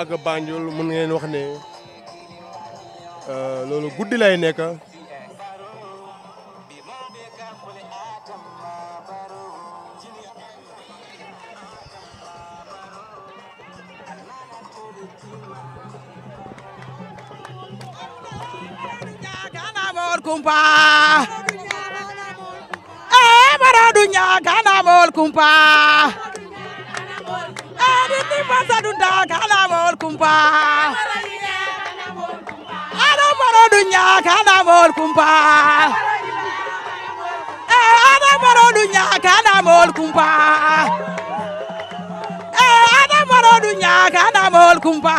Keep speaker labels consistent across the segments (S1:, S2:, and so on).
S1: ak Banjul mën ngeen wax ne euh, lolu guddi lay nek eh,
S2: kumpa eh pada dunia kana kumpa kumpa ana baro dunya kana mol kumpa eh ana baro dunya kana mol kumpa eh, ana baro dunya kana mol kumpa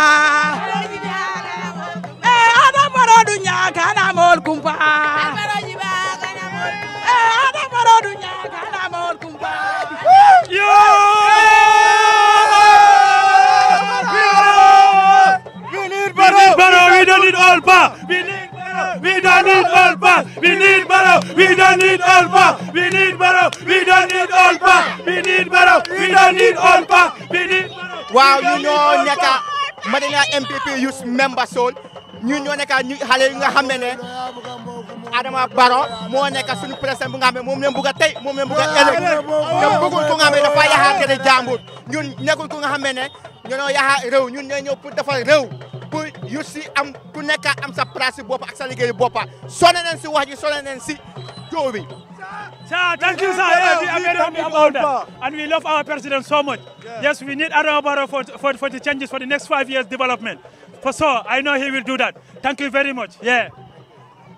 S2: We don't need all power. We need Barrow. We don't need all power. We need Barrow. We don't need all power.
S1: We need Barrow. waaw ñu ñoo nekk MPP use member soul You know, nekk Halle, you know, Hamene. ne ne Adama Baro, moo nekk suñu président bu nga xam ne leen bëgg a tey leen bëgg a ëllëg bëggul ku nga xam ne dafa yaxaate ne ñun nekkul nga ne ne réew ñun ñëw pour réew yu si am ku nekka am sa place bopp ak sa liggéeyu boppa sonn nañ si wax ji si joo bi. Sir, thank you, sa Yes, we are very happy we so much. Yes, yes we need Adama Barrow for, for, for the changes for the next five years development. For sure, I know he will do that. Thank you very much. Yeah.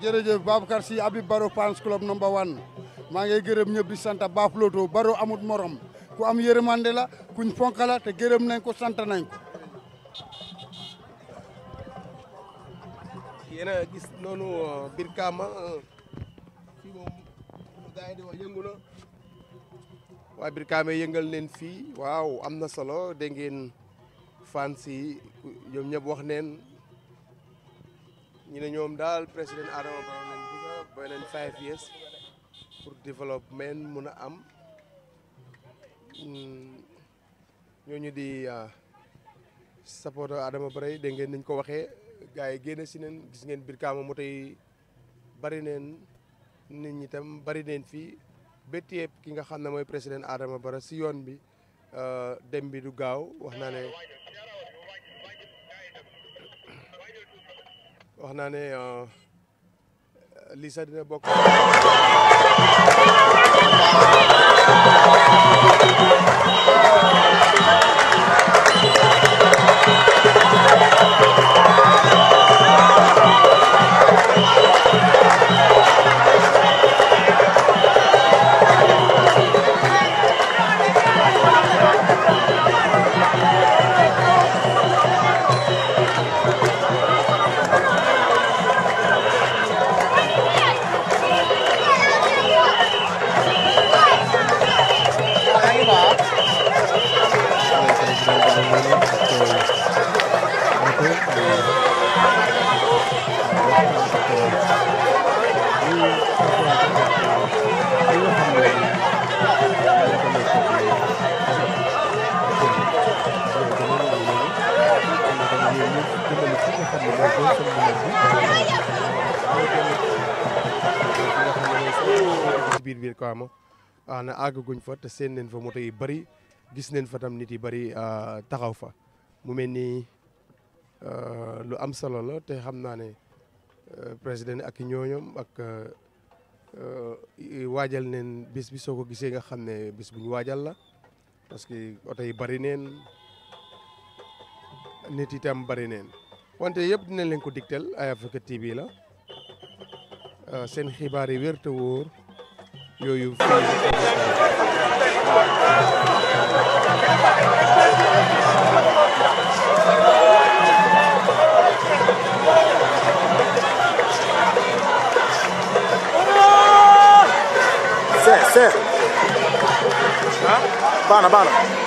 S1: jërëjëf Babacar Sy Habib Barrow Fans Club number one maa ngi gërëm ñëpp di sant Bafloto Barrow amut morom ku am yërmande la kuñ fonk la te gërëm nañ ko sant nañ Yena, gis noonu euh, birkama Kama euh, fii moom gaa yi di wax yëngu na waaye biir Kama yëngal neen fii waaw am na solo dégg ngeen fans yi ñoom wax neen ñu ne ñoom Adama nañ five years pour development muna am hmm, ñooñu di euh, supporter Adama Barrow dégg ngeen niñ ko waxee gars yi génn si neen gis ngeen biir kaama moto yi bari neen nit ñi tam bari neen fii bétt béttiyeeb ki nga xam ne mooy président Adama Barrow si yoon bi euh, dem bi du gaaw wax naa ne wax naa ne euh, lii sax dina bokk biir Kaama ah, na àggaguñ fa te seen neen fa moto yi bari gis neen fa tam nit yi bari ah, taxaw fa mu mel ni ah, lu am solo la te xam naa ne président ak ñooñom ak waajal neen bis bi soo ko gisee nga xam ne bis bu ñu waajal la parce que oto yi bari neen nit yi tam bari neen wante yëpp dinañ leen ko digtal Eye Africa TV la seen xibaar yi wér te wóor Ioiô Sé, sé. Bana, bana.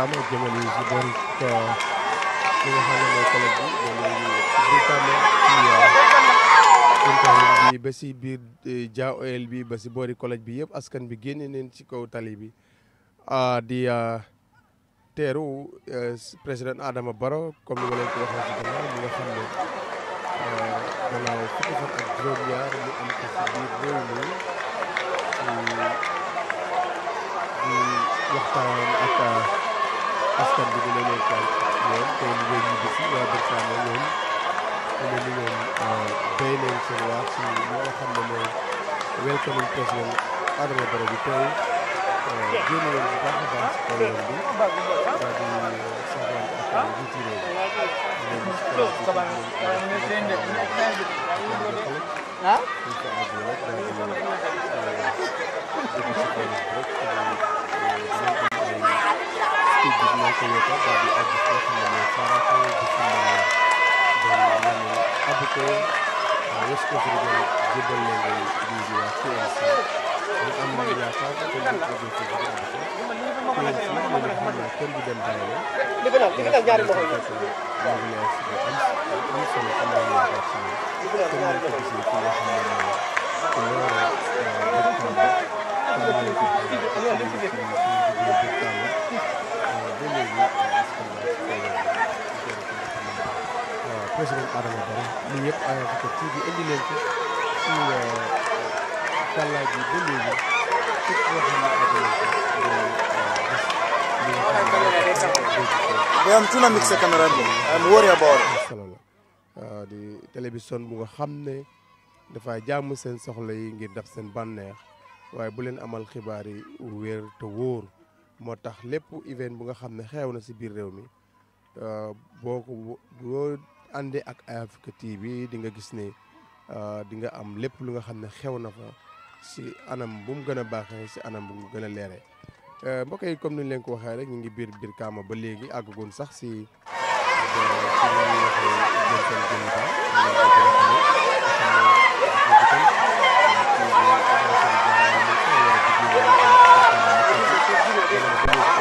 S1: kamu jangan si dari ke nga xam ne mooy collègue bi moom mooy bu Kama bi ba si biir bi askan begini génne neen tali bi ah, eh, di teeru président Adama Barrow comme ni ma leen ko waxee ci gannaaw ini di waxtaan ah, ak. askan bi dina leen kaay ñoom tey ñu ngi ñibbi si waa Birkama ñoom ñu ne ñu ñoom béy nañ seen waa si li nga xam ne mooy welcome président Adama Barrow bi tey jéem euh, a leen bu a baax si problème bi
S2: daal di euh, saxal ak njiiti réew mi. ñu ngi si kaw jëlee ko daal di àgg foo xam ne mooy Farakho bisimilah dañuy ñëw àgg ko
S1: West Africa jébal leen ngay indi waa TNC ñu am yaakaar te ñu àgg ko ba àgg ko
S2: TNC ñu
S1: xam ne kër gi dem daal
S2: la jaay ko fekk mobilisation bu am am solo am na yaakaar si ñoom comme ni ko gisee ci loo xam ne mooy ku loolu dëkk bi comme ni ko gisee ci loo xam ne mooy dëkk bi ba léegi askan wi askan wi
S1: président Adama Barrow lii yëpp Africa TV indi leen ko si gàllaaj bi ba léegi
S2: képp koo xam ne aju nañ ko They am tuna mixer camera. I'm worried about
S1: it. di télévision bu nga xam ne dafay jaamu seen soxla yi ngir daf seen bànneex waaye bu leen amal xibaar yi wér te wóor. moo tax lépp event bu nga xam ne xew na si biir réew mi euh, boo ko boo àndee ak Eye Africa TV di nga gis ne euh, di nga am lépp lu nga xam ne xew na fa si anam bu mu gën a baaxee si anam bu mu gën a leere euh, mbokk yi comme ni leen ko waxee rek ñu ngi biir biir kaama ba léegi àggagoon sax si.
S2: Mama ye bigi, mama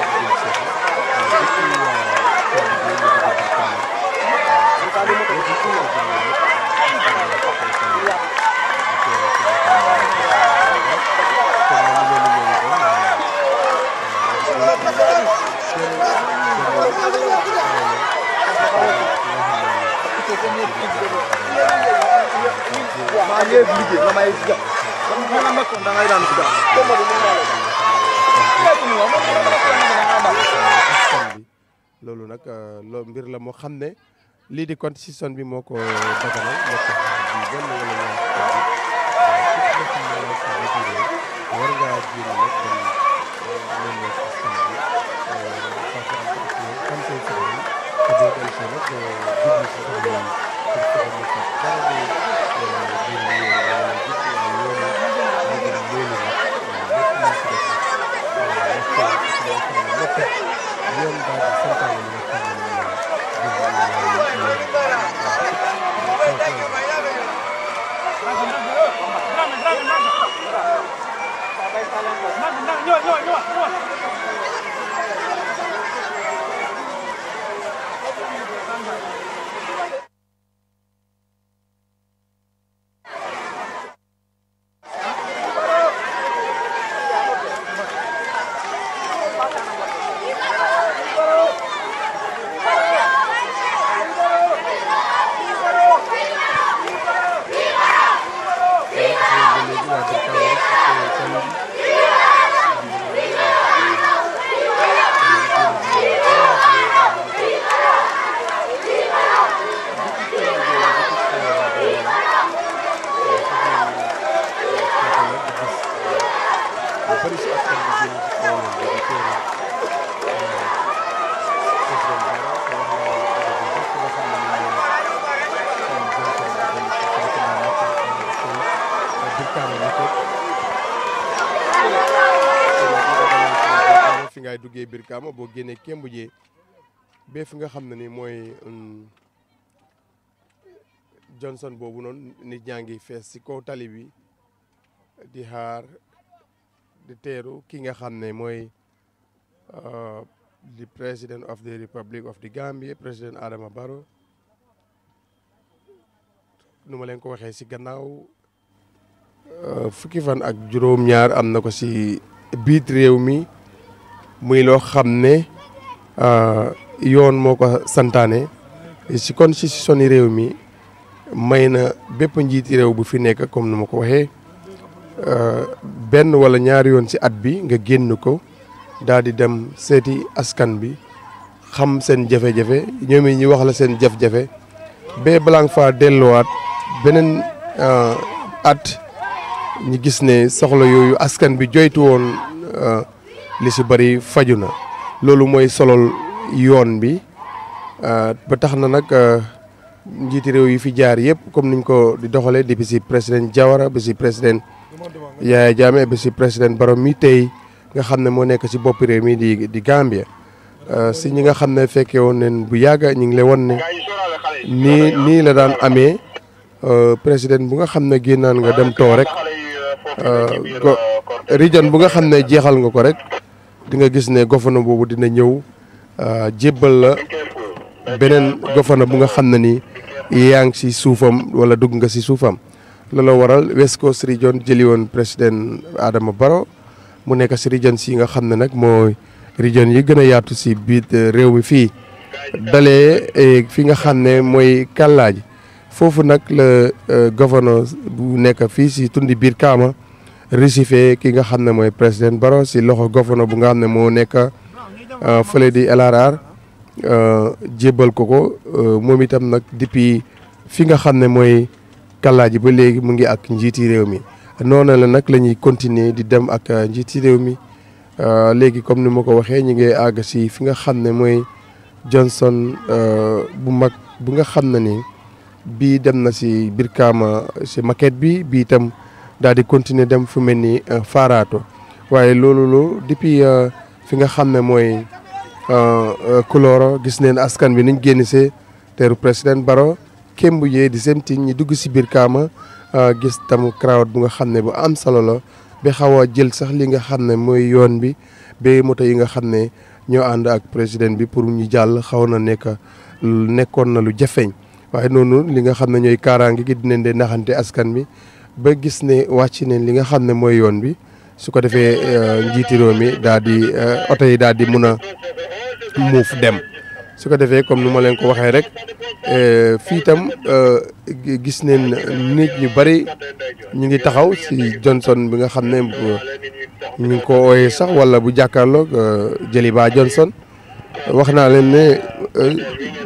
S2: ye bigi. Mama makon da ngai dan sudah. Mama mana?
S1: bi loolu nag loo mbir la moo xam ne lii di constitution bi moo ko daganal moo tax di benn wala ñaar war nga génn nag kon loolu système bi
S2: xam say soxla te doo dem si nag jublu si soxla yi pour fexe mu tax dara di génn yoon wala gis yoon loolu loolu nag Давай, давай, давай! Давай, давай, давай!
S1: Kaama boo génnee Kémbujee ba fi nga xam ne ni mooy um, Johnson boobu noonu ni ñaa ngi fees si kaw tali bi di xaar di teeru ki nga xam ne mooy the uh, president of the Republic of the Gambia président Adama Barrow nu ma leen ko waxee si gannaaw uh, fukki fan ak juróom-ñaar am na ko si biit réew mi muy loo xam ne euh, yoon moo ko santaane si ci si yi réew mi may na bépp njiit njiiti réew bu fi nekk comme ni ma ko waxee euh, benn wala ñaari yoon si at bi nga génn ko daal di dem seeti askan bi xam seen jafe-jafe ñoom it ñi wax la seen jafe-jafe ba balaa nga faa delluwaat beneen euh, at ñu gis ne soxla yooyu askan bi joytu woon. li Fajuna, bari fajuna na moy solol yoon bi ah, ba taxna nak ah, njiti rew yi fi jaar comme niñ ko di doxale depuis Jawara ba ci président Yaya Jammeh ba ci président barom mi tey nga xamne ne nek ci bop rew mi di di Gambia ah, si ñi nga xamne fekke won woon neen bu yaga ñi ngi le won ne ni ni la daan euh président bu nga xamne gennan nga dem to rek region bu nga xamne nga ko rek di nga gis ne Gofana boobu dina ñëw euh, jébbal la beneen Gofana bu nga xam ne ni yaa ngi si suufam wala dugg nga si suufam loolu waral West Coast Region jëli woon président Adama Barrow mu nekk si region nga xam ne nag mooy region yi gën a yaatu si biir réew mi fii dalee e, fi nga xam ne mooy kàllaaj foofu nag la e, gouverneur bu nekk fii si tundi biir Kaama récife ki nga xamné moy président Barrow si loxo gouverneur bu nga xamné mo nek euh di LRR djébal euh, koko, euh moom itam nak depuis fi nga xamné moy kalaaji ba légui mu ngi ak njiti réew mi la nak lañuy continuer di dem ak euh, njiti réew mi euh, légui comme ni mako waxé ñi ngi si fi nga xamné moy johnson Johnson bu mag bu nga xamné ni bi dem na si birkama si maquette bi bi tam daal di continuer dem fu mel ni euh, Farato waaye loolu lu depuis euh, fi nga xam ne mooy euh, Kuloro gis neen askan bi niñ génn see teeru président Barrow kémb yee di seen ñi dugg si biir Kaama gis tam crowd bu nga xam ne bu am solo la bi xaw a jël sax li nga xam ne mooy yoon bi ba moto yi nga xam ne ñoo ànd ak président bi pour ñu jàll xaw na nekk nekkoon na lu jafeeñ waaye noonu li nga xam ne ñooy kaaraange gi dinañ de naxante askan bi ba gis ne wàcc ne li nga xam ne mooy yoon bi su ko defee euh, njiiti réew mi daal di euh, oto yi daal di mun a muuf dem su ko defee comme nu ma leen ko waxee rek euh, fii tam gis neen nit ñu bari ñu ngi taxaw ci Johnson bi nga xam ne ñu ngi ko ooyee sax walla bu jàkkaarloog Jaliba Johnson wax naa leen ne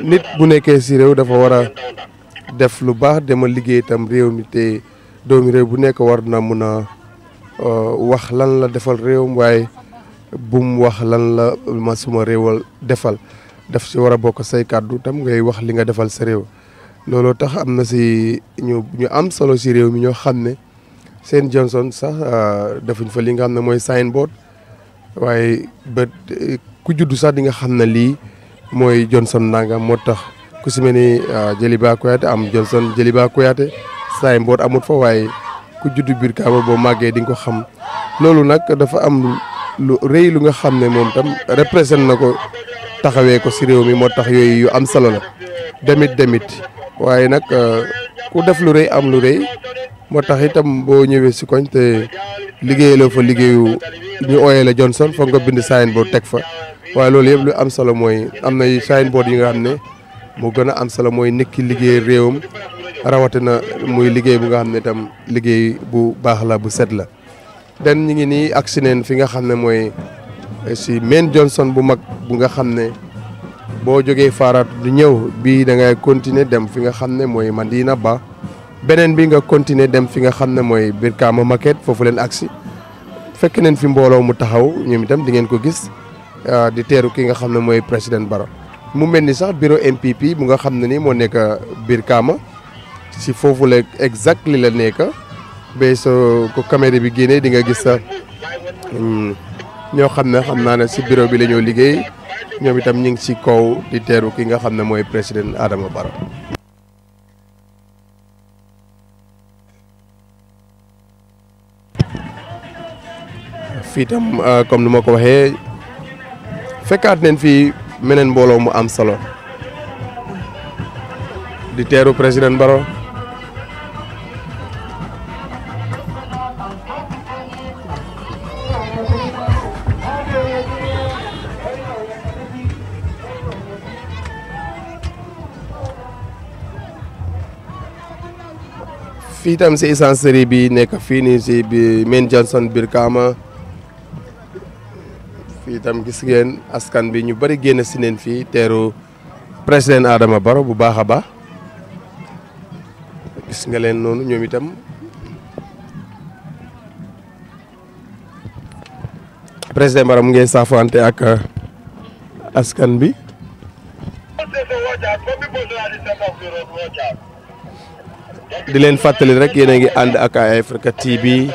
S1: nit bu nekkee si réew dafa war a def lu baax dama liggéey tam réew mi te doomi réew bu nekk war na mun a euh, wax lan la defal réewam waaye bum wax lan la ma suma defal daf si war a bokk say kàddu tam ngay wax li nga defal sa réew looloo tax am na si ñu am solo si réew mi ñoo xam ne seen Johnson sax euh, defuñ fa li nga xam ne mooy signboard waaye ba ku juddu sax di nga xam ne lii mooy Johnson nangam moo tax ku si mel ni euh, Jaliba Kuyateh am Johnson Jaliba Kuyateh saay mboot amut fa waaye ku juddu biir Kaaba boo màggee di nga ko xam loolu nag dafa am lu rëy lu nga xam ne moom tam représenté na ko taxawee ko si réew mi moo tax yooyu yu am solo la demit demit waaye nag euh, ku def lu rëy am lu rëy moo tax itam boo ñëwee si koñ te liggéeyaloo fa liggéeyu ñu ooyee la Johnson foog nga bind boo teg fa waaye loolu yëpp lu am solo mooy am na boot yi nga xam ne moo gën a am solo mooy nit ki liggéey réewam rawatina muy liggey bu nga xamne tam liggey bu bax la bu set la den ñi ngi ni agsi fi nga xamne moy eh, si men Johnson bu mag bu nga xamne bo joge Farat du ñew bi da ngay continuer dem fi nga xamne moy Mandina Ba benen bi nga continuer dem fi nga xamne moy birka Birkama Market fofu len aksi fekk neen fi mbolo mu taxaw ñoom itam di ngeen ko gis ah, di teru ki nga xamne moy president baro mu melni sax bureau MPP bu nga xamne ni moo ah, Birkama Si fofu le, exactly la nek be so ko caméra bi guéné di nga gis sa hmm, ño xam xamna na ci si bureau bi la ñoo liggéey ñom itam ñing ci kaw di téru ki nga xam moy président Adama Baro fi tam euh, comme ni ma ko waxee fi menen fii mu am solo di téru président Baro Fitam tam essence série bi nek fii bi Main Johnson Brikama Fitam tam gis ngeen askan bi ñu bari sinen ci neen fi teru president Adama baro bu bahaba. ba gis nga len noonu ñoom itam president baram ngeen safante ak askan bi di len fatali rek yene ngi and ak ay Africa TV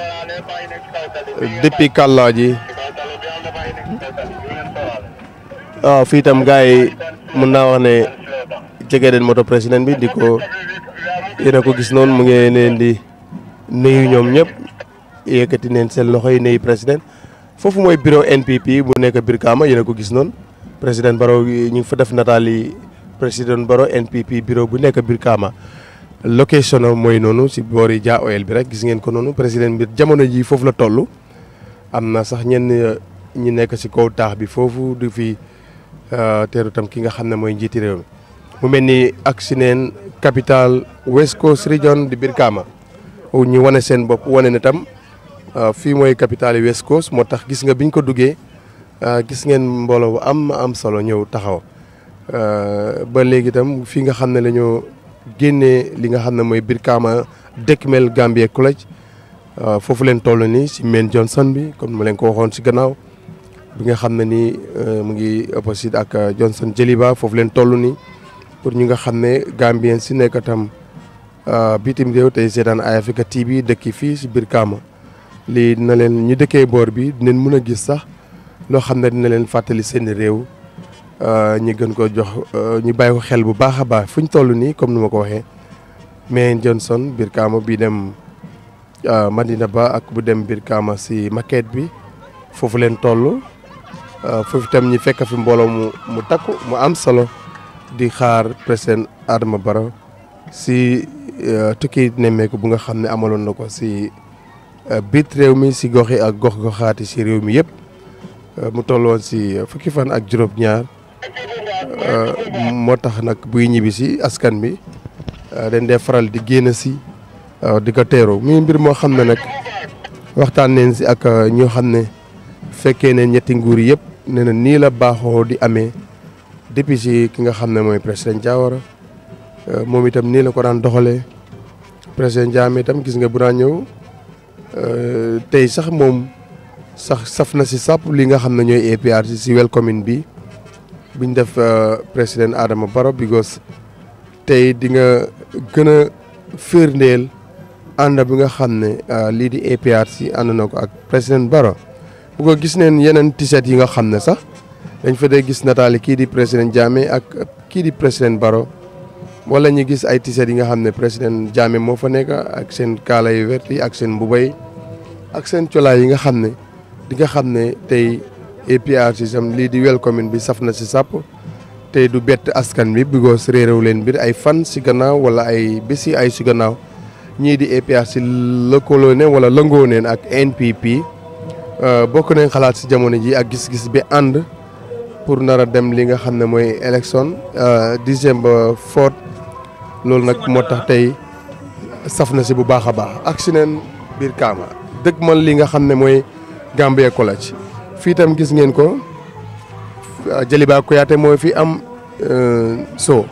S1: depuis kàllaa ah fi tam gay mu na wax ne jege den moto president bi diko yene ko gis non mu ngi di nuyu ñom ñep yekati neen sel loxoy yi president fofu moy bureau NPP bu nek bir kama a ko gis non president baro ñu fa def natali president baro NPP bureau bu bir kama location am mooy noonu si boori jaa oyel bi rek gis ngeen ko noonu président bi jamono ji la am na sax ñenn ñi nekk si kaw bi foofu du fi euh, teeru tam ki nga xam ne mooy njiiti mu mel ak capital West Coast region di Brikama ñu wane seen bopp wane ne tam euh, fii mooy capital West Coast moo tax gis nga biñ ko euh, gis ngeen am am solo ñëw taxaw ba léegi tam fii nga génnee li nga xam ne mooy Brikama Dekmel Gambia College euh, foofu leen toll nii si Main Johnson bi comme ma leen ko waxoon si gannaaw bi nga xam ne nii euh, mu ngi opposite ak euh, Johnson Jeliba foofu leen toll nii pour ñu nga xam ne Gambien si nekk tam bitim réew tey seetaan Eye Africa TV dëkki fii si biir kaama lii dina leen ñu dëkkee boor bi dinañ mën a gis sax loo xam ne dina leen fàttali seen réew. Euh, ñi gën ko jox euh, ñi bàyyi ko xel bu baaxa baax fuñ tollu ni comme nu ko mais Johnson biir bi dem euh, Madina Ba ak bu dem si maquette bi fofu len tollu nyi tam ñi fekk fi mbolo mu mu takku mu am solo di xaar president Adama baro si tukki nemeku bu nga xam amalon nako si biit mi si goxi ak gox goxati si rew mi mu si fukki fan ak juróom-ñaar. Eh, motax nak buy ñibi ci askan bi eh, dañ dee faral di génn ci eh, di ko téro mi mbir mo xam nak waxtaan neen ci ak ñu ne ne ñetti nguur yépp ne na la baxo di amé depuis ci ki nga xam moy mooy président Diawara moom itam ni la ko daan doxalee président Diame itam gis nga bu daan ñëw tay sax mom sax safna ci si li nga ñoy APR ci wel commune bi buñ def euh, président Adama baro because tay di nga gëna a anda bi nga xam euh, li di APRC anda na ak président baro bu ko gis neen yenen tiset yi nga xam sax dañ fa day gis natali ki di président jame ak ki di président baro wala ñu gis ay tiset yi nga xam président jame mo fa nekk ak sen kala yu wert yi ak sen bubay ak sen ciola yi nga di nga tay APRC sam li di welcoming bi saf ci sap te du bet askan bi because réeréw len bir ay fan si gannaaw wala ay bisi ay si gannaaw ñi di APRC le colonne wala lëngoo ak NPP euh, bokku nañ xalaat si jamono ji ak gis-gis bi and pour nara a dem li nga xamne moy election euh décembre foot loolu nak motax tay safna saf bu baakha baax ak sinen bir kama deug man li nga xamne moy Gambia College fii tam gis ngeen ko Jaliba Kouyaté mooy fi am euh, soo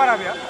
S1: para ver.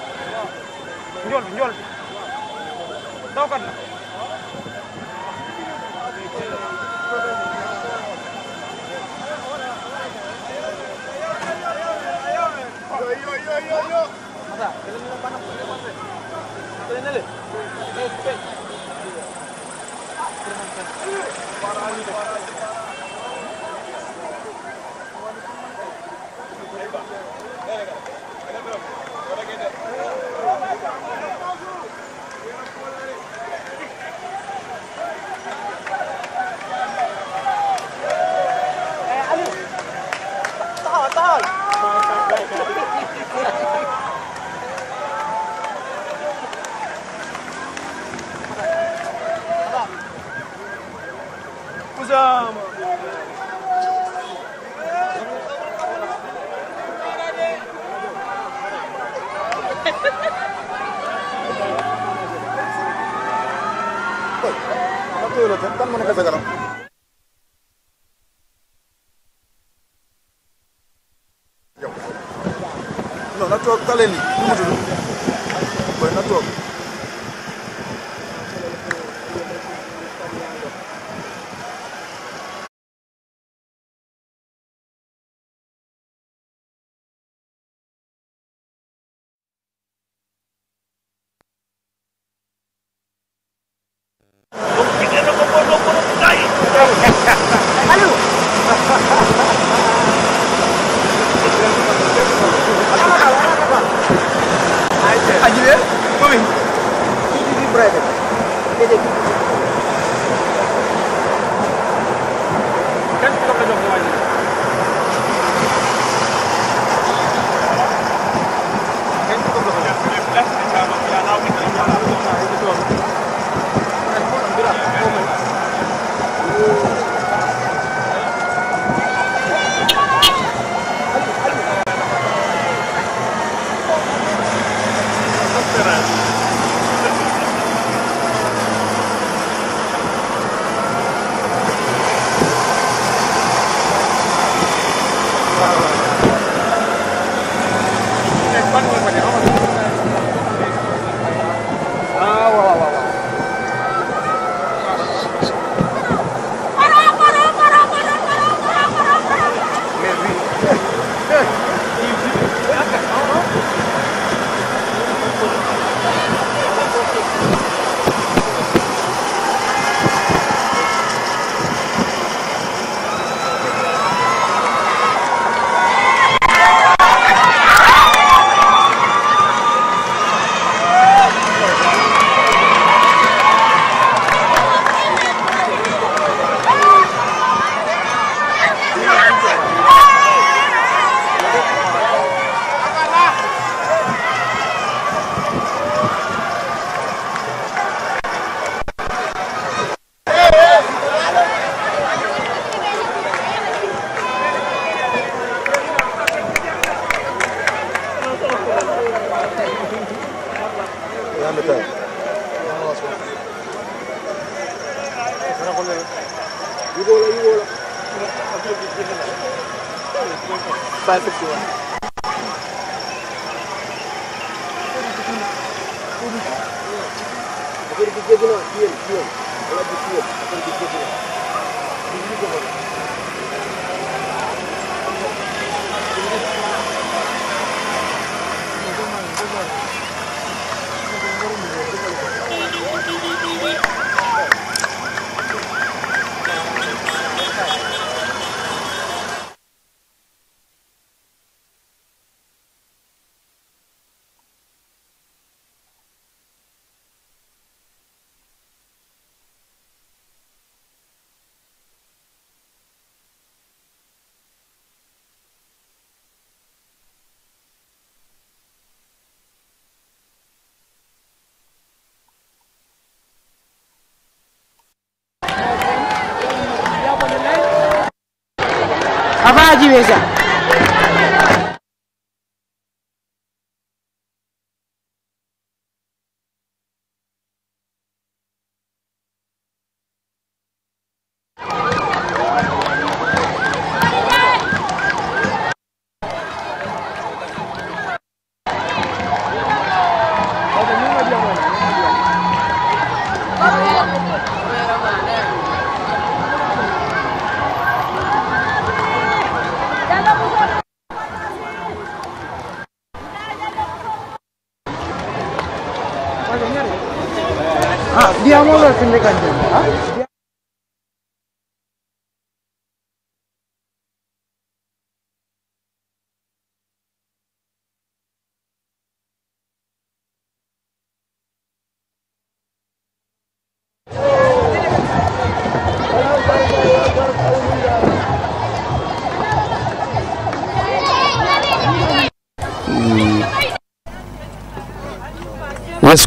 S1: Rosa.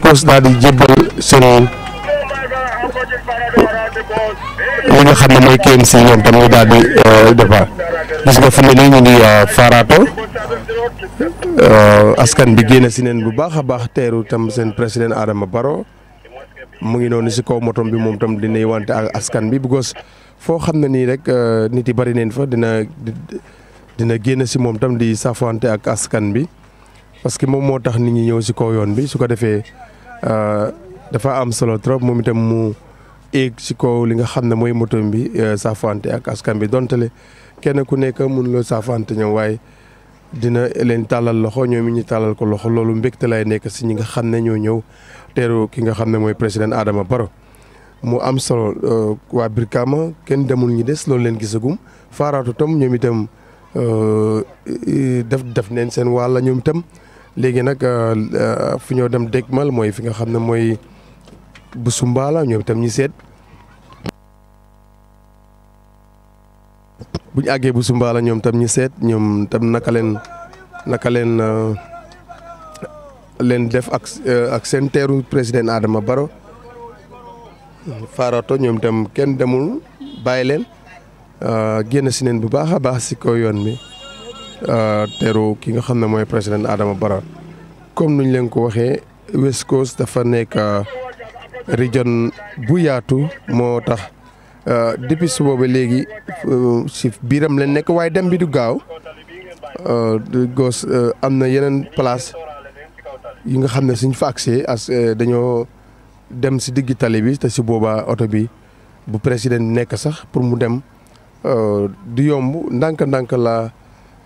S1: course daal di jébbal seen li nga xam ne mooy KMC ñoom tam ñu daal di euh, defar gis nga fu mu ñu ngi euh, faaraato euh, askan bi génn si neen bu baax a baax teeru tam seen président Adama Barrow mu ngi noonu si kaw motom bi moom tam dina wante ak askan bi because foo xam ne nii rek nit bari neen fa dina dina génn si moom tam di safante ak askan bi parce que moom moo nit ñi ñëw si kaw yoon bi su ko defee Euh, dafa am solo trop moom itam mu eeg ci kaw li nga xam ne mooy motom bi euh, saafante ak askan bi dontale kenn ku nekk mun la saafante ñoom waaye dina leen tàllal loxo ñoom ñu tàllal ko loxo loolu mbégte lay nekk si ñi nga xam ne ñoo ñëw teeru ki nga xam ne mooy président Adama Barrow mu am solo euh, waa Brikama kenn demul ñi des loolu leen gisagum faaraatu tam ñoom itam def def neen seen wàll ñoom itam léegi nag euh, euh, fu ñoo dem dégmal mooy fi nga xam ne mooy bu sumbaala ñoom itam ñi seet bu àggee bu sumbaala ñoom tam ñi seet ñoom tam naka leen naka leen euh, leen def ak ak seen teeru président Adama Barrow Farato ñoom itam kenn demul bàyyi leen génn si neen bu baax a baax si ko yoon bi Euh, teru ki nga xam moy president président Adama Barrow comme nuñ leen ko waxé West Coast dafa nek euh, region bu yaatu motax tax euh, depuis suba ba légui si biram la nek way dem bi du gaaw gos amna yenen place yi nga xam suñ fa accès as dañoo dem si digg tali bi te si boba auto bi bu président nek sax pour mu dem du yomb ndank ndank la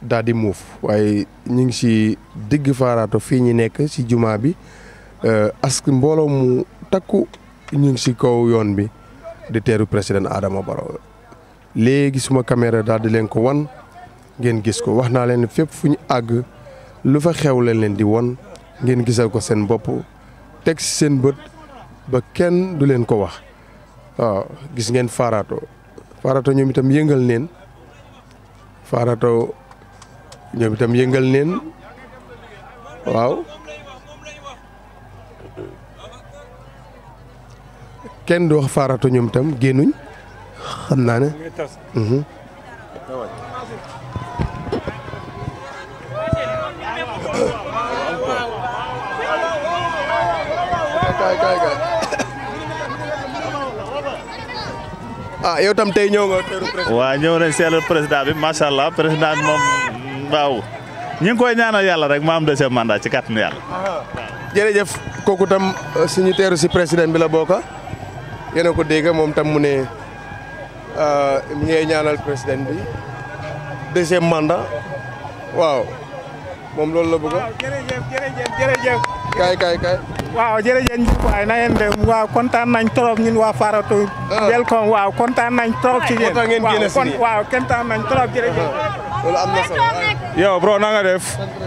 S1: dadi di muuf waaye ñu ngi si digg farato fi ñi nek si juma bi euh, ask mbolo mu takku ñi ngi si kaw yoon bi di teeru président Adama baro légui suma caméra dal di len ko wan ngeen gis ko waxna len leen fépp fu ñu lu fa xew leen len di won ngeen gisal ko sen bop tek ci sen beut ba kenn du len ko wax waaw gis ngeen faaraato faaraato ñoom itam yëngal neen ñoom itam yëngal neen waaw kenn du wax faaratu ñoom itam génnuñ xam naa ne. Mhm. ah yow tam tey ñëw nga. waa ñëw nañ seetlu président bi macha allah président moom. waaw ñu ngi koy ñaanal yàlla rek ma am deuxième mandat ci kàttanu yàlla. jërëjëf kooku tam euh, suñu teeru si président bi la bokk yéen ko dégg moom tam mu ne euh, mi ngay ñaanal président bi deuxième mandat waaw moom loolu la bëgg a. jërëjëf
S2: jërëjëf jërëjëf.
S1: kaay waaw jërëjëf Ndiouf na waaw kontaan nañ trop ñun waa Faratu. Ah. welcome waaw kontaan nañ trop. ci yéen waaw kontaan nañ trop jërëjëf. Yo bro nanga nga def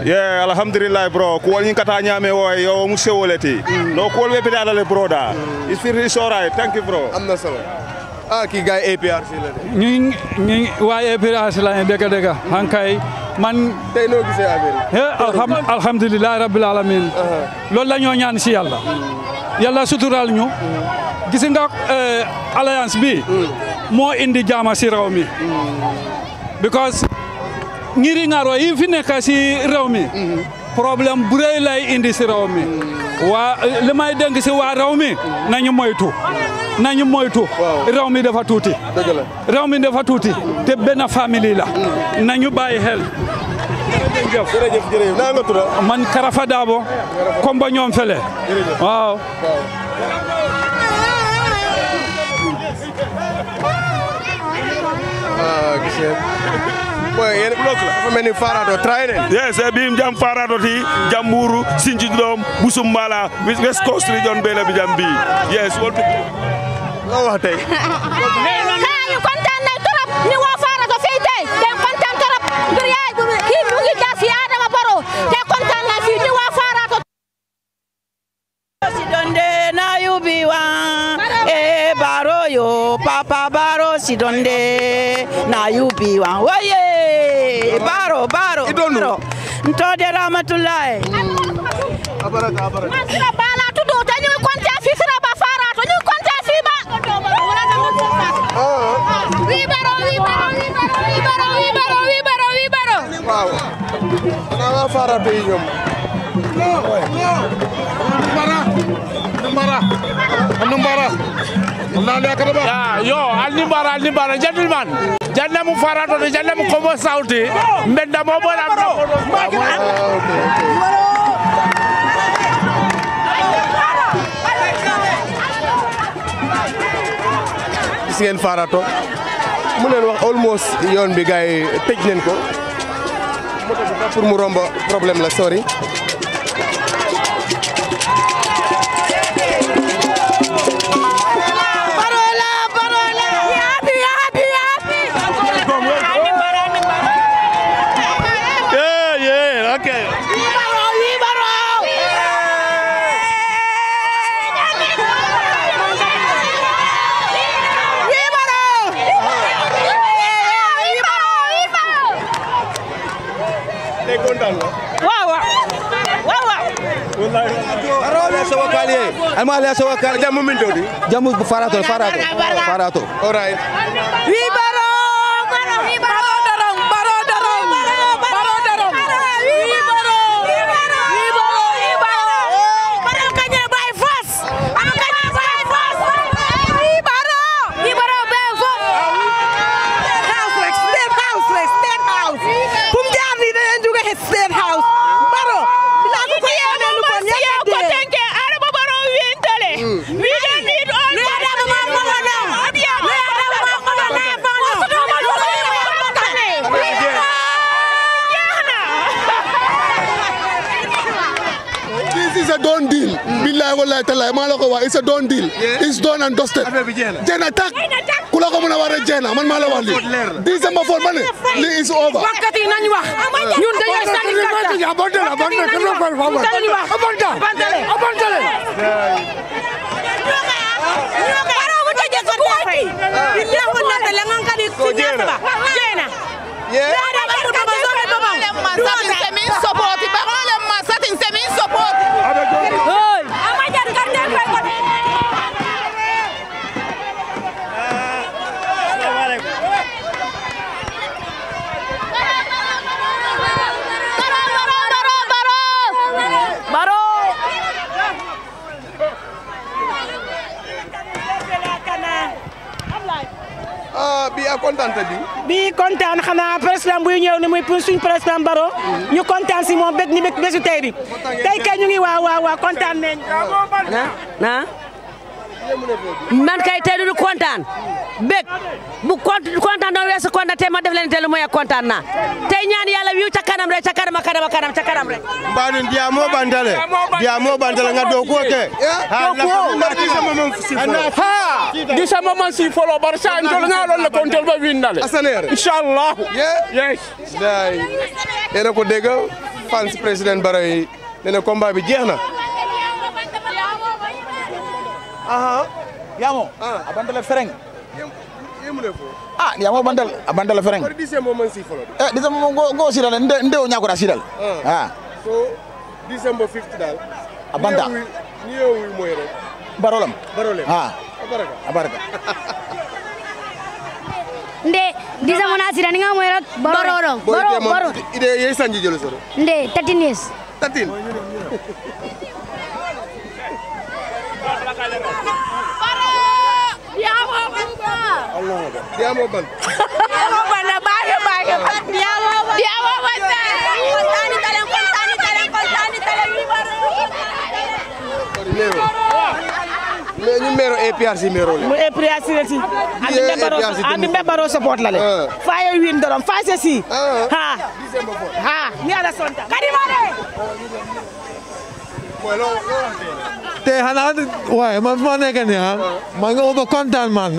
S1: yeah alhamdulillah bro kuwol ñin kata ñame woy yo mu sewoleti mm. no kuwol be bida le bro da is fir is alright thank you bro amna solo ah ki gay APRC la ñi ñi wa APRC la deka deka mm. hankay man tay noo gisee affaire he eh rabbil alamin loolu la ñoo ñaan ci yalla
S2: mm.
S1: yalla sutural ñu. gis nga eh, alliance bi. mo indi jama ci rawmi because ñiri ŋaaroo yi fi nekk si réew mi problème bu rëy lay indi si waa li may si waa réew mi nañu moytu nañu moytu réew mi dafa tuuti réew mi dafa tuuti te benn famille la nañu bàyyi xel jërëjëf jërëjëf jërëjëf naa man Karafa Dabo komba ñoom fele waaw ah, boy yene bloc farado yes eh, bim jam farado ti jamburu busumbala west coast region bela bi yes
S2: wol lo wax tay content nañ torop ni wo farado fi dem content torop ngir yaay ki mu ngi ya adama baro te content na fi ni farado si donde na yu wa e baro yo papa baro si donde na yubi wa oye baro baro baro ntode ya rahmatullahi abaraka abaraka masira bala tudo ba bara bara ya yo gentleman jannamu
S1: faratoto jannamu komo sawte mbenda mo ɓola ah, gis ngeen farato mu leen wax almost yoon bi gars yi tëj ko mu romba problème la sori alma la so wakara jamu min dodi jamu bu farato farato a done deal. billahi maa la ko wax it's a done deal. it's done and dusted. jeex na ku la ko mën a war a man maa la wax lii. December four ma ne lii is over. wakkat yi nañ wax. ñun dañoo sànni kàlla abonte la abonte la abonte la
S2: abonte la abonte la Yeah.
S1: yaa kontaan bi. bii kontaan xanaa président buy ñëw ni muy suñ président Baro. ñu kontaan si moom bég ni bésu tey
S2: bi. tey kay ñu ngi waaw waaw waaw kontaan nañ. ah man kay tey du kontaan bég bu kont kontaan kuantan weesu kontaan tey ma def ya teel mooy kontaan naa tey ñaan yàlla wiiw ca kanam rek ca kanam a kanam a kanam ca kanam rek
S1: mbaani ya? moo bantale ndiya moo bantale nga doo ko ke ya, ha mo maman si folo bar sa ndol nga lol ko ndol ba windale asanere inshallah ya. yes day era ko dégg fans president Barrow yi nee na combat bi jeex na aha yamo ah. abandale fereng yemune fo ah yamo bandal abandale fereng ko dise mo man si folo eh dise mo go go sidal nde nde o si dal. Ah. ah so december 50 dal abanda ni yewi moy barolam barolam ah abaraka abaraka
S2: nde disa mona sira ninga mo erat bororo bororo
S1: ide ye sanji soro
S2: nde 13 years 13
S1: Allah mo ban. Dia mo ban.
S2: Dia mo ban na baaga baaga. Dia mo ban. Dia mo ban. Kontani talam kontani talam kontani talam ni baru.
S1: Mero. Mais ñu mero APRC mero le. Mu APRC le ti. Andi membaro andi membaro support la le. Ah. Faye win dorom fase si. Ah. Ha.
S2: Ha. Ni ala sonta. Kadimare.
S1: Bueno, lo
S2: te xanaa waaye man fu ma nekk nii ah. maa ngi over kontaan man.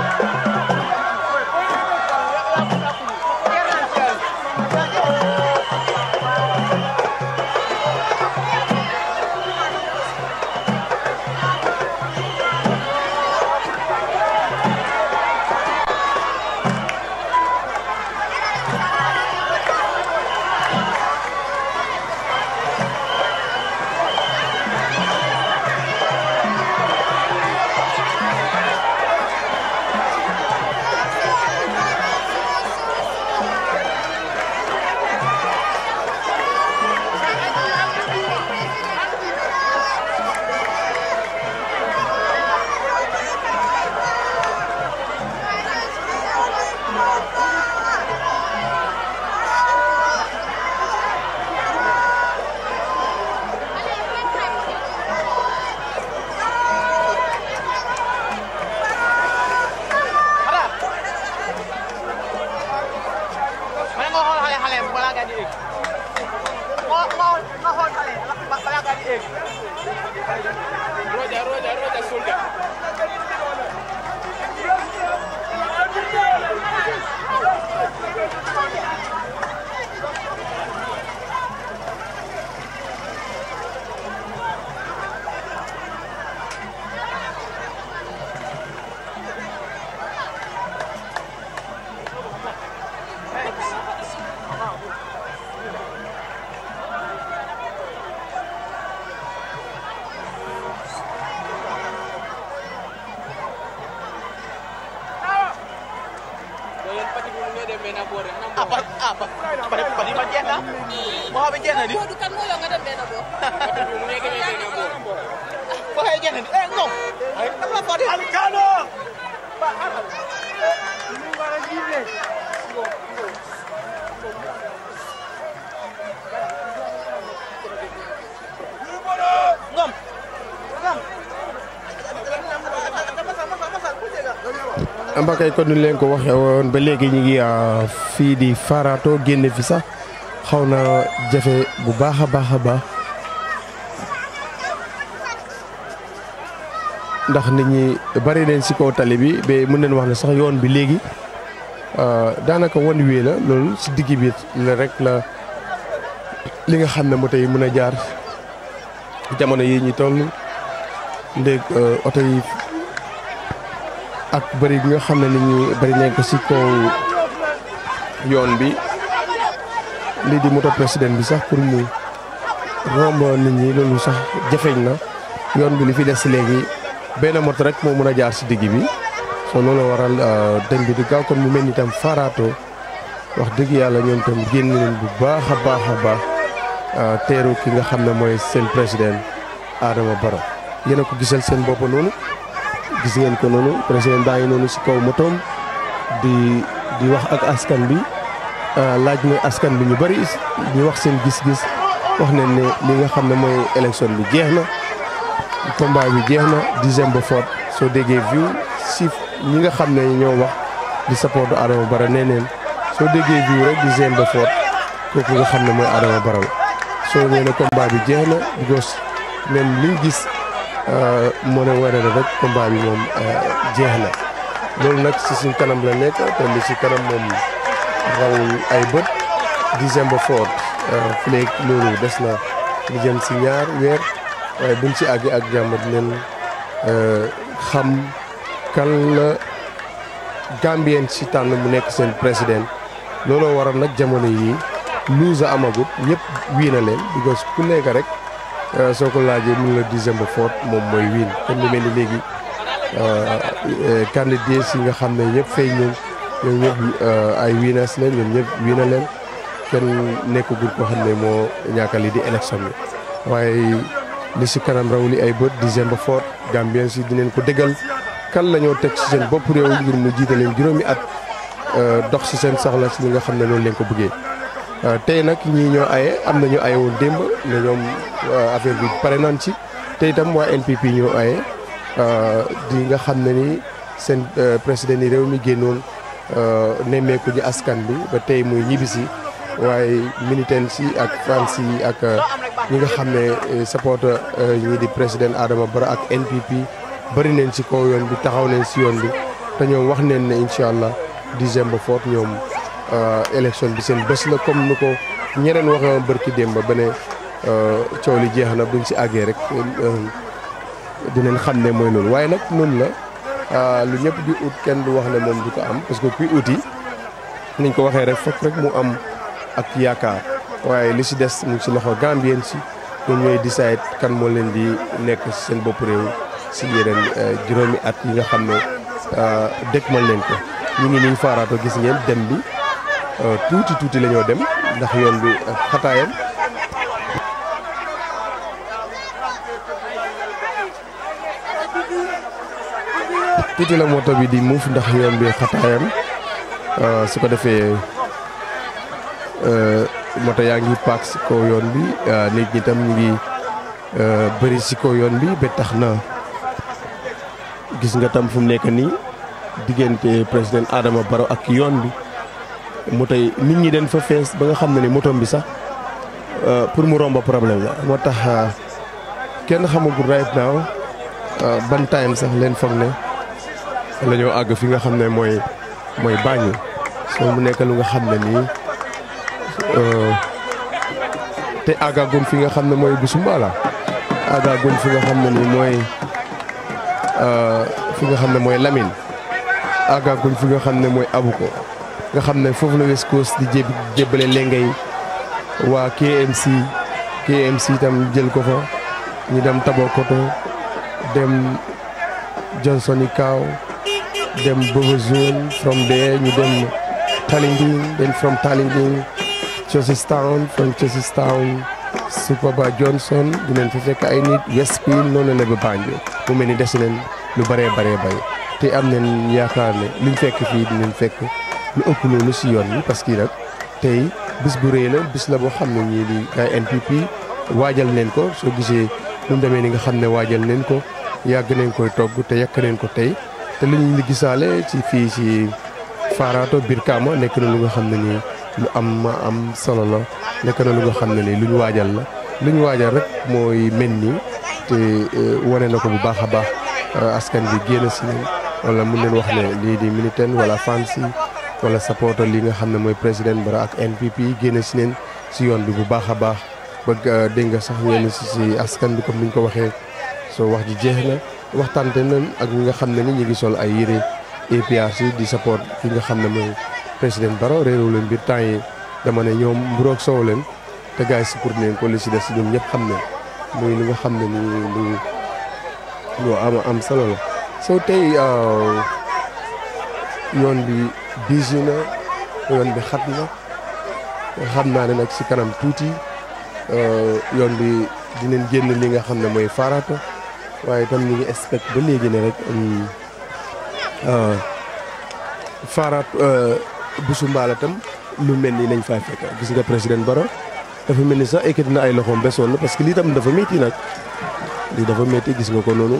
S2: Thank you.
S1: mbakay kon ñu leen ko waxee woon ba léegi ñu ngi ah, fii di faaraatoo génne fi sax xaw na jafe bu baax a baax a baax ndax nit ñi bari neen si kaw tali bi ba mën nañ wax ne sax yoon bi léegi ah, daanaka won wee la loolu ci digg bi la rek la li nga xam ne moto yi mën a jaar jamono yi ñu toll ndéeg ah, oto yi ak beri gue nga xam beri nit ñi bëri nañ ko si kaw yoon bi li di moto president bi sax pour mu rombo nit ñi lolu sax jafé na yoon bi li fi dess légui léegi benn moto rek mo mëna jaar ci digg bi so lolu waral euh, dem bi di gaw kon mu melni tam farato wax deug yalla ñoom tam genn bu baaxa baaxa baax euh, ki nga xamné moy sen president Adama baro yena ko gisal sen gis ngeen ko noonu président baa noonu si kaw motoom di di wax ak askan bi eh, laaj na askan bi ñu bari ñu wax seen gis-gis wax ne ne li nga xam ne mooy élection bi jeex na combat bi jeex na dixième fort soo déggee view si ñi nga xam ne ñoo wax di support Adama Bara nee soo déggee view rek dixième ba fort kooku nga xam ne mooy Adama Barrow soo nee combat bi jeex na because même liñ gis Euh, moo a wane ne rek combat bi moom euh, jeex na loolu nag si suñ kanam la nekk te si kanam moom rawul ay bët December fourth euh, fileeg loolu des na li jëm si ñaar weer waaye buñ si àggee ak jàmm di leen xam kan Gambien si tànn mu nekk seen président looloo waral nag jamono yi luusa amagut ñëpp wii na leen because ku nekk rek Euh, soo ko laajee mun la December foot moom mooy wiin kon mu mel ni léegi euh, euh, candidats yi nga xam ne ñëpp fay ñëw ñoom ñëpp ay winners lañ ñoom ñëpp winner leen kenn nekkagul ko xam ne moo ñàkkali di élection bi waaye li si kanam raw li ay bët December foot Gambien si dinañ ko déggal kan la ñoo teg si seen bopp réew ngir mu jiite leen juróomi at dox si seen soxla si li nga xam ne loolu leen ko buggee Euh, tey nag ñii ñoo aye am na ñu aye woon démb ne ñoom euh, affaire bi pare nañ ci te itam waa NPP ñoo aye euh, di nga xam ne ni seen président yi réew mi génnoon nemmeeku ji askan bi ba tey muy ñibbisi waaye militants yi ak fans ak ñi nga xam ne supporter ñii di président Adama Barrow ak NPP bëri nañ ci kaw yoon bi taxaw nañ si yoon bi te ñoom wax neen ne incha allah dixième ba foot ñoom. Euh, élection bi seen bés la comme nu ko ñeneen waxee barki démb ba ne euh, coow li jeex na buñ si àggee rek euh, dinañ xam ne mooy loolu waaye nag noonu la lu ñëpp di ut kenn du wax ne moom du ko am parce que kuy uti niñ ko waxee rek fokk rek mu am ak yaakaar waaye li si des mu si loxo gambien si ñoom ñooy decide kan moo leen di nekk seen bopp réew si yeneen juróomi at yi nga xam ne dëkk leen ko ñu ngi faaraato gis ngeen dem bi Euh, tuuti tuuti la dem ndax yoon bi euh, xataayam tuuti la moto bi di muuf ndax yoon bi xataayam euh, su ko defee moto yaa ngi paak si kaw yoon bi nit ñi tam ñu ngi bëri si kaw yoon bi ba tax na gis nga tam fu mu nekk nii diggante président Adama Barrow ak yoon bi motay nit ñi den fa fess ba nga xam ni motom bi sax euh, pour mu romba problème la motax euh, kenn xamul xamagul right now euh, ban time sax len fogné ne la ñoo àgg fi nga xam moy moy bañu so mu nekk lu nga ni euh té te gum fi nga xam ne la Busumbala gum fi nga xam ni moy euh fi nga xam moy lamine aga gum fi nga xam moy Abuko nga xam ne foofu la West Coast di jé jébbale lengay waa KMC KMC itam jël ko fa ñu dem Tabokoto dem Johnson i kaw dem Bobo Zone from there ñu dem Talinding then from Talinding Chestertown from Chestertown Supaba Johnson dinañ fa fekk ay nit West Pine noonu la ba Banjul mu mel ni des leen lu baree bëree bëri te am nañ yaakaar ne luñ fekk fii dinañ fekk. lu ëpp loolu si yoon yi parce que nag tey bis bu rëy bis la boo xam ne ñii di NPP waajal neen ko soo gisee lu mu demee ni nga xam ne waajal neen ko yàgg neen koy togg te yàkk neen ko tey te li ñu gisaale ci fii ci Farato birkama nekk na lu nga xam ne lu am am solo la nekk na lu nga xam ne lu ñu waajal la lu ñu waajal rek mooy mel nii te eh, wane na ko bu baax a baax eh, askan bi génn si wala mun leen wax ne lii di militaine wala fancy wala supporter li nga xamne moy president bara ak NPP gene ci nen ci yoon bi bu baakha baax ba euh, dégg nga sax ñenn ci ci askan bi comme niñ ko waxe so wax ji jeex na waxtaante nañ ak nga xamne ni ñi ngi sol ay yére APRC di support ki nga xamne moy president baro Barrow leen biir tan yi dama ne ñoom mburoog soow leen te gaay ci pour neen ko li ci dess si ñoom ñëpp xam ne li nga xamne ni lu lu am am solo so tay tey euh, yoon bi biisi na yoon bi xat na xam naa ne nag si kanam tuuti euh, yoon bi dinañ génn li nga xam ne mooy farata waaye itam ñu ngi expect ba léegi ne rek um, euh, farat euh, busu mbaala tam lu mel ni lañ faa fekk gis nga président Barrow dafa mel ni sax ekkati na ay loxoom besoon na parce que lii tam dafa métti nag lii dafa métti gis nga ko noonu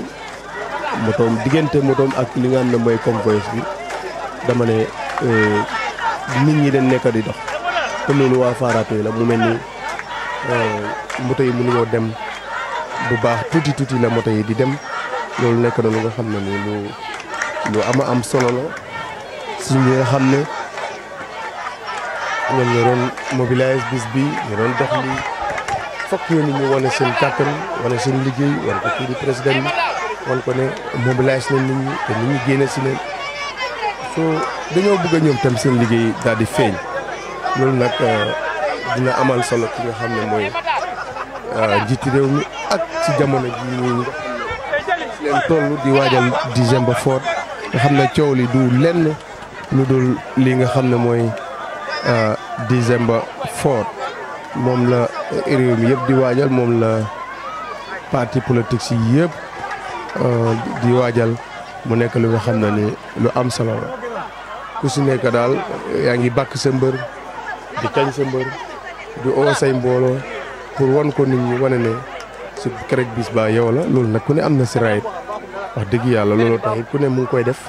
S1: motoom diggante motoom ak li nga xam ne mooy convoy bi dama ne euh, nit ñi dañ nekk di dox te loolu waa faaraatu yi la mu mel ni euh, moto yi mënuñoo dem bu baax tuuti tuuti la moto yi di dem loolu nekk na lu nga xam ne ni lu lu ama am solo la si ñi nga xam ne ñoom ñoo doon mobiliser bis bi ñoo doon dox li fokk ñoo nit ñu wane seen kàttan wane seen liggéey wan ko kii di président bi wan ko ne mobiliser nañ nit ñi te nit ñi génne si leen so dañoo bëgg a ñoom tam seen liggéey daal di feeñ loolu nag euh, dina amal solo ki nga xam ne mooy euh, njiiti réew mi ak ci jamono ji nii leen toll di waajal dixième ba foot nga xam ne coow li du lenn lu dul lii nga xam ne mooy dixième ba foot moom la réew mi yëpp di waajal moom la parti politique si yëpp euh, di waajal. mu nekk lu nga xam na ni lu am solo la ku si nekk daal yaa ngi bàkk sa mbër di kañ sa mbër di oo say mbooloo pour wan ko nit ñi wane ne su kerek bis ba yow la loolu nag ku ne am na si raayit wax dëgg yàlla looloo taxit ku ne mu ngi koy def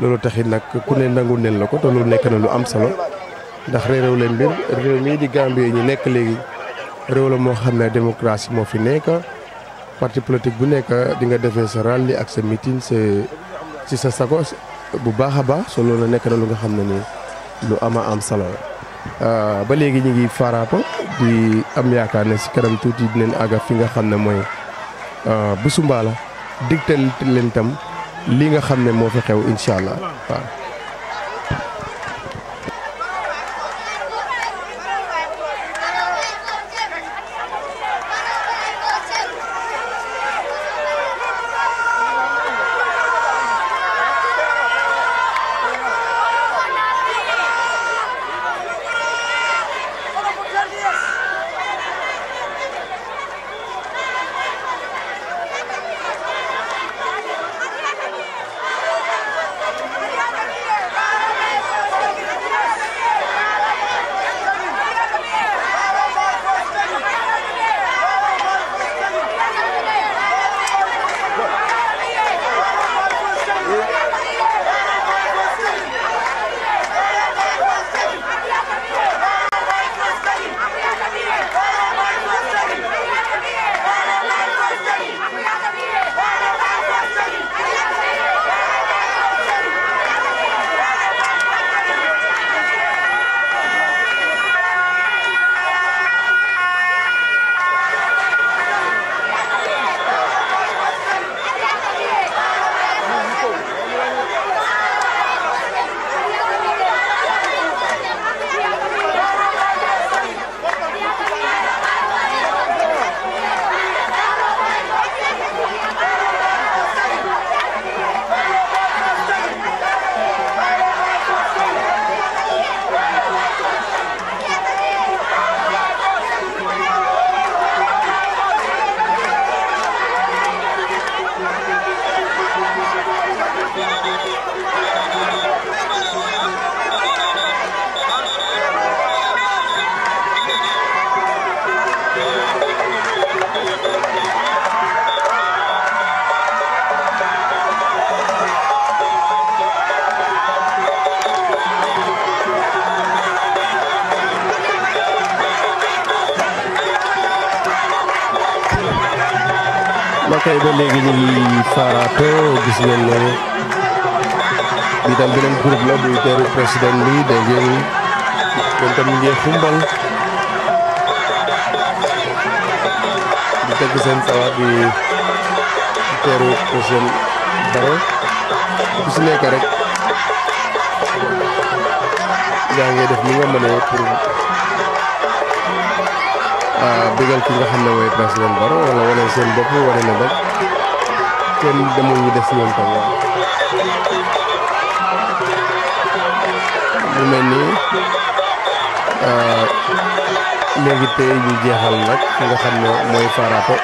S1: loolu taxit nag ku ne nangu nen la ko te loolu nekk na lu am solo ndax réew la mbir réew mii di Gambie ñu nekk léegi réew la moo xam ne démocratie moo fi nekk parti politique bu nekk dinga nga defee sa rallye ak sa meeting sa ci sa sago bu baax a baax so loolu nekk na lu nga xam ne nii lu ama am solo la euh, ba léegi ñu ngi faaraato di am yaakaar ne si kanam tuuti dinañ àgga fi nga xam ne mooy euh, bu sumbaala digtal leen tam lii nga xam ne moo fi xew incha allah la wane seen bopp wane na bopp kenn demul ñu des ñoom tam mu mel ni euh, léegi tey ñu jeexal nag nga xam ne mooy Farato.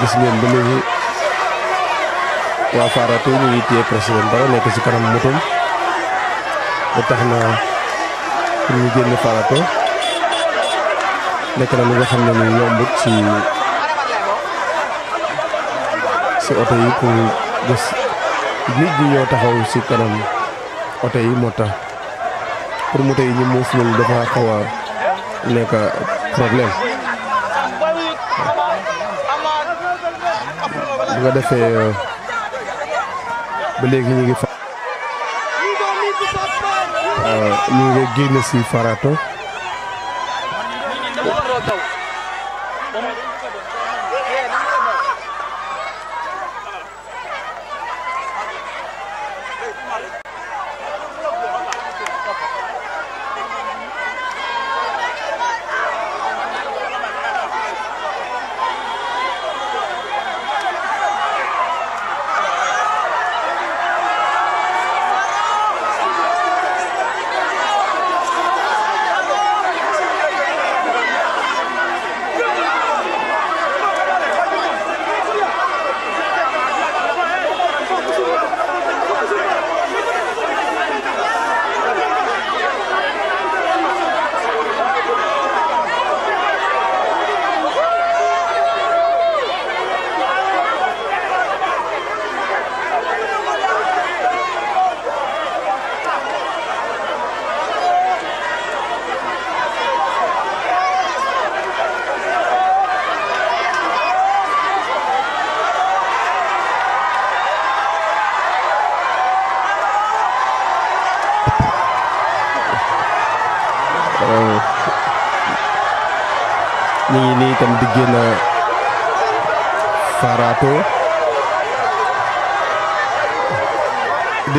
S1: gis ngeen ba léegi waa Faarato ñu ngi téye président Barrow nekk ci kanam motom ba tax na pour ñu génn Faarato nekk na lu nga xam ne ni yombut ci ci oto yi pour gis nit ñi ñoo taxaw ci kanam oto yi moo tax pour moto yi ñu muus ñun dafa xaw a nekk su ko defee euh, ba léegi ñu ngi fa euh, ñu ngi génn si farato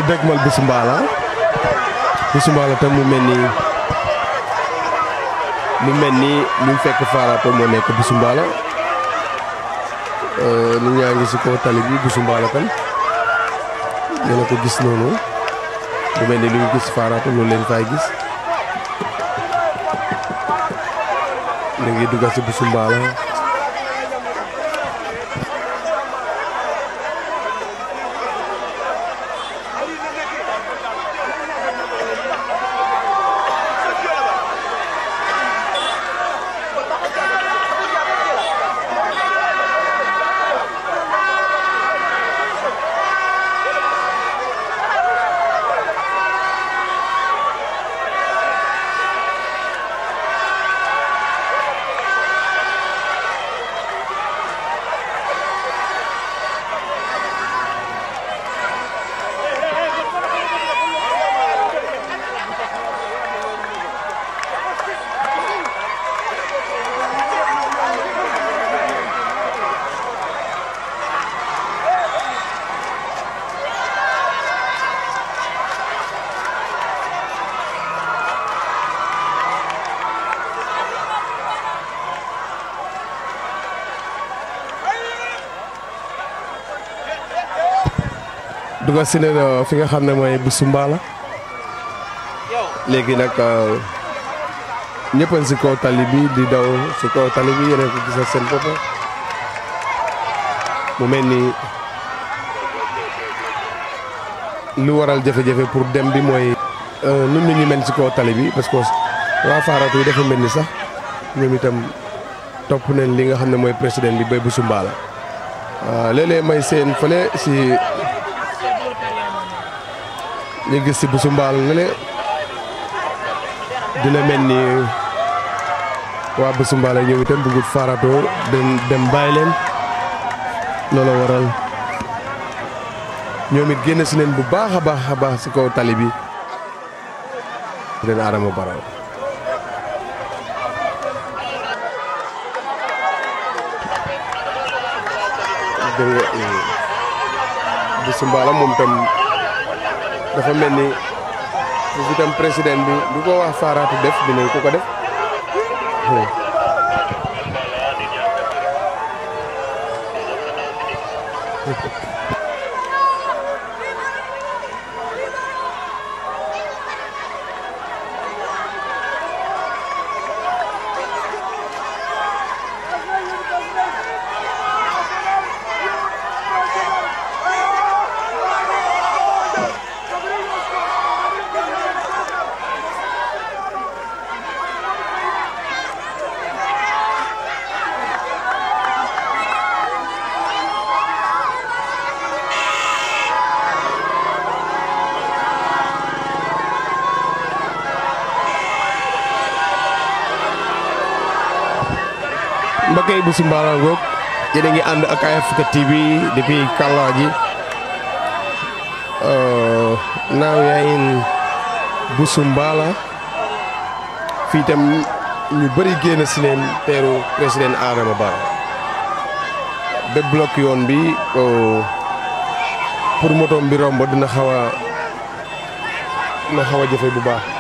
S1: dégmal bisu mbaala bisu mbaala tam mu mel ni mu mel ni ñu fekk faaraatoo moo nekk bisu mbaala euh, ñu ñaa ngi si kaw tali bi bisu mbaala tam ñu ko gis noonu mu mel ni lu ñu gis faaraatoo loolu leen fay gis ñu ngi duggal si bisu mbaala ko sine fi nga xam ne mooy bu sumbaala léegi nag euh, ñëppal si kaw tali bi di daw si kaw tali bi yéen ko gisal seen bopp mu mel ni lu waral jafe-jafe pour dem bi mooy euh, nu nit ñi mel si kaw tali bi parce que waa faaratu yi dafa mel ni sax ñoom itam topp nañ li nga xam ne mooy président bi bay bu sumbaala euh, léeg may seen fële si ñu gis ci busu mbal ne dina melni ni busu mbal ñew itam gut farato dem dem bàyyi leen waral ñoom genn ci len bu baaxa baaxa baax ci ko talibi dina tali bi baraw dégg bu busu mom tam dafa mel ni foofu itam président bi lu ko wax faaraatu def dinañ ko ko def. bu Simbala jadi yéen ngi ànd ak ke TV depuis lagi. ji naaw ya in bu Simbala fii itam ñu bëri génn si Adama Barrow be bloc yon bi oh, pour motom bi rombo dina xaw dina xaw